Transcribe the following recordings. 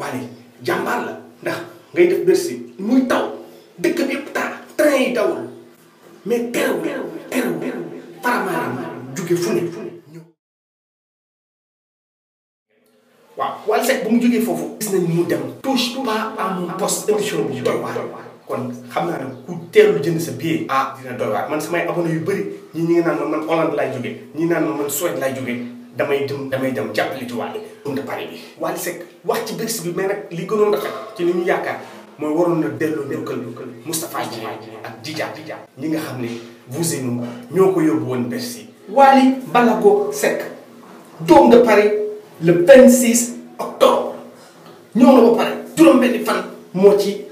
waaye jàmbaar la ndax ngay def Bercy muy taw dëkk bi yëpp taa train yi dawul mais terewul terewul Faramaren jóge fu ne ñëw. waaw Wally Seck bu mu jógee foofu. dem touche pas à mon poste émission bi doy waar. kon xam naa ne ku teelu jënd sa billet. ah dina doy waar man samay abonné yu bëri ñii ñi ngi naan man man Hollande laay jógee ñii naan man man Suède laay jógee damay dem damay dem jàppale ci Wally. dund Paris bi. wax ci Brexit bi mais nag li gënoon rafet ci li ñu yaakaar mooy waroon na delloo njukkal Moustapha Dieng ak Dija Dija ñi nga xam ne vous et nous ñoo ko yóbbu woon Bercy. Wally Balago Seck doom de Paris le 26 octobre ñëw na ba pare juróom-benni fan moo ci.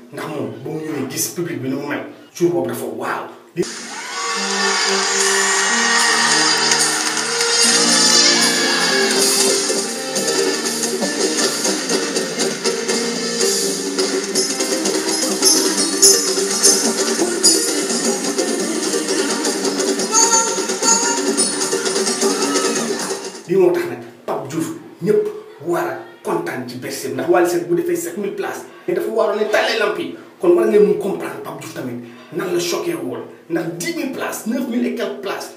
ndax moom ba mu ñëwee gis public bi ni mu mel jour boobu dafa waaw. lii moo tax nag Pape Diouf ñëpp war a kontaan ci berseem ndax Wally Seck bu defee 7000 places. mais dafa waroon ne tàllee lamp kon war ngeen mun comprendre Pape Diouf tamit nan la choqué woon ndax 10 000 places 9 000 et quelques places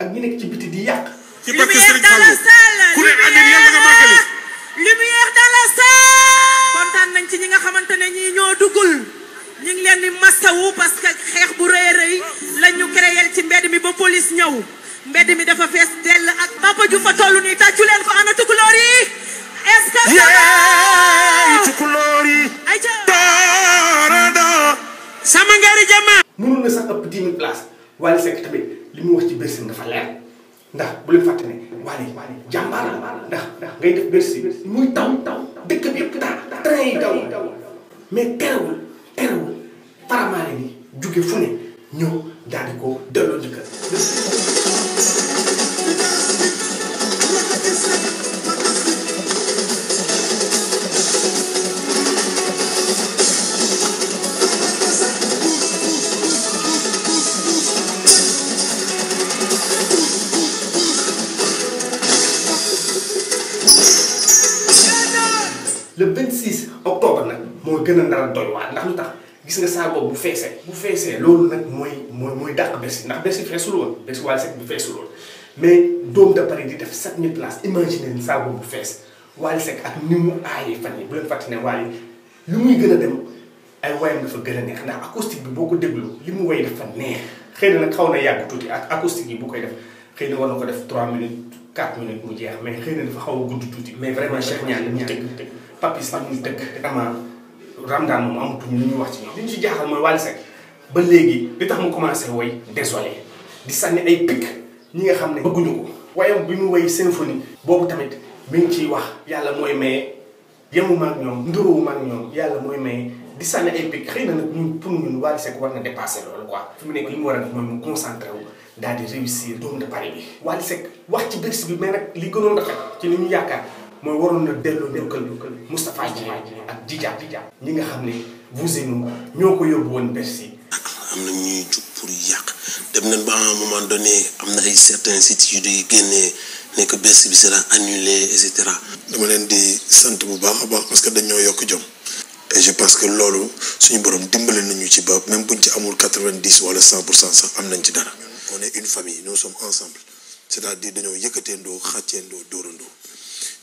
ak ñi nekk ci biti di yàq. ci barke Serigne Fallou ku kontaan nañ ci ñi nga xamante ne ñii ñoo duggul. ñu leen di masawu parce que xeex bu rëy rëy lañ ñu créé ci mbedd mi ba police ñëw mbedd mi dafa fees dell ak Papa Diouf fa nii taj ndax bu leen fàtte ne wàlli jàmbaar la ndax ndax ngay def bersi muy taw taw dëkk bi yëpp taw train yi taw mais terewul terewul faramaale ni jóge fu ne ñëw daal di ko delloo jëkkër. le 26 octobre nak moy gën a nar a doy waar ndax lu gis nga sa boobu bu feesee bu fessé lolou nak moy moy mooy dàq Bercy ndax Bercy feesul woon Bercy Wally Seck bu feesul woon mais Dôme de Paris di def 7000 places imaginer saal boobu bu fees Wally Seck ak ni mu aayee fan yi bu leen fàttali ne Wally li muy gën dem ay wayam dafa gën a neex ndax acoustique bi boko ko déglu li mu way dafa neex xëy na nag xaw na ak acoustique yi bu koy def xeyna na ko def 3 minutes 4 minutes mu jeex mais xeyna na dafa xaw a gudd mais vraiment Cheikh ñaan li mu tëgg tëgg papis la ñu dëkk vraiment Ramadane moom amatuñ lu ñuy wax ci ñoom li ñu jaaxal mooy Wally Seck ba léegi li tax mu commencé wooy désolé di sànni ay picc ñi nga xam ne bëgguñu ko wayam bi mu woy symphonie boobu tamit mi ngi ci wax yàlla mooy maye yemu ma ak ñoom nduróowu ma ak ñoom yàlla mooy maye di sànni ay picc xëy na nag ñun pour ñun Wally war na dépassé loolu quoi fi mu nekk li mu war a def mooy mu concentré wu daal di réussir doomu de Paris bi Wally Seck wax ci Bercy bi ci li yaakaar moy waroon na delloo njukkal Moustapha Dieng ak Dija ñi nga xamné vous et nous ñoko ko yóbbu woon Bercy. ñuy djup pour yak dem nañ ba à un moment donné amna ay certains sites yu di génnee ne que Bercy bi sera annulé et cetera. dama len di sante bu baax baax parce que dañ ñoo yok jom. et je pense que lolu suñu borom dimbalé nañu ci ba même buñ ci amul 90 wala 100% pour cent sax am ci dara. on est une famille nous sommes ensemble c'est-à-dire dañoo yëkkateendoo xàcceendoo dóorandoo.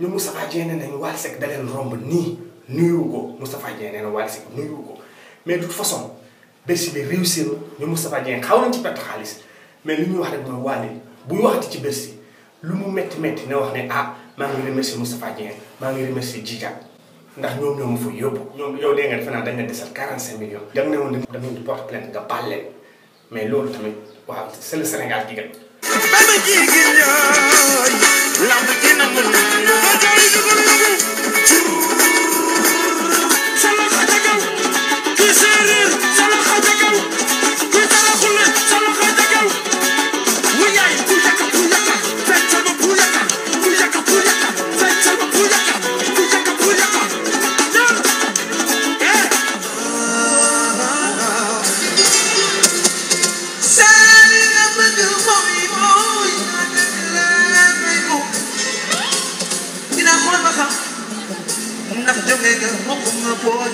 ñoom Moustapha Dieng nee nañu Wally Seck da leen romb nii nuyu ko Moustapha Dieng nee na Wally Seck ko mais de façon Bercy bi réussir na ñoom Moustapha Dieng xaw nañ ci perte xaalis mais li ñuy wax rek mooy Wally bu ñu waxati ci Bercy lu mu métti métti na wax ne ah maa ngi remercier Moustapha Dieng maa ngi remercier Djidia ndax ñoom ñoo ma fa yóbbu. ñoom yow dee nga defe naa dañ la desal 45 millions. dem ne woon dañu porte plainte nga baal mais loolu tamit waaw c'est le Sénégal gi baba jigéen ñooy lamb dina mën destroy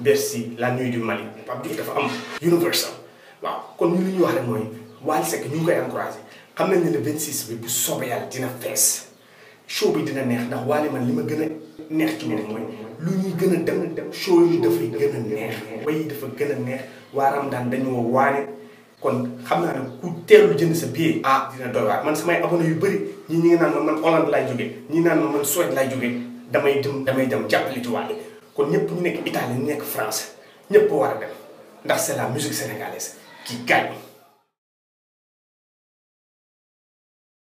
Bercy la nuit du Mali Pape Diouf dafa am universal waaw kon li ñuy wax rek mooy Wally Seck ñu ngi koy encouragé xam nañ ne le 26 bi bu soobee yàlla dina fees show bi dina neex ndax waale man li ma gën a neex ci moom mooy lu ñuy gën a dem dem show yi dafay gën a neex way yi dafa gën a neex waa Ramadan dañoo waane kon xam naa ne ku teelu jënd sa billet ah dina doy waar man samay abonné yu bëri ñii ñi ngi naan ma man Hollande laay jógee ñi naan ma man Suède laay jógee damay dem damay dem jàppale ci Ni ñëpp ñu ni italien ñu France ni pour a dem ndax c'est la musique sénégalaise qui gagne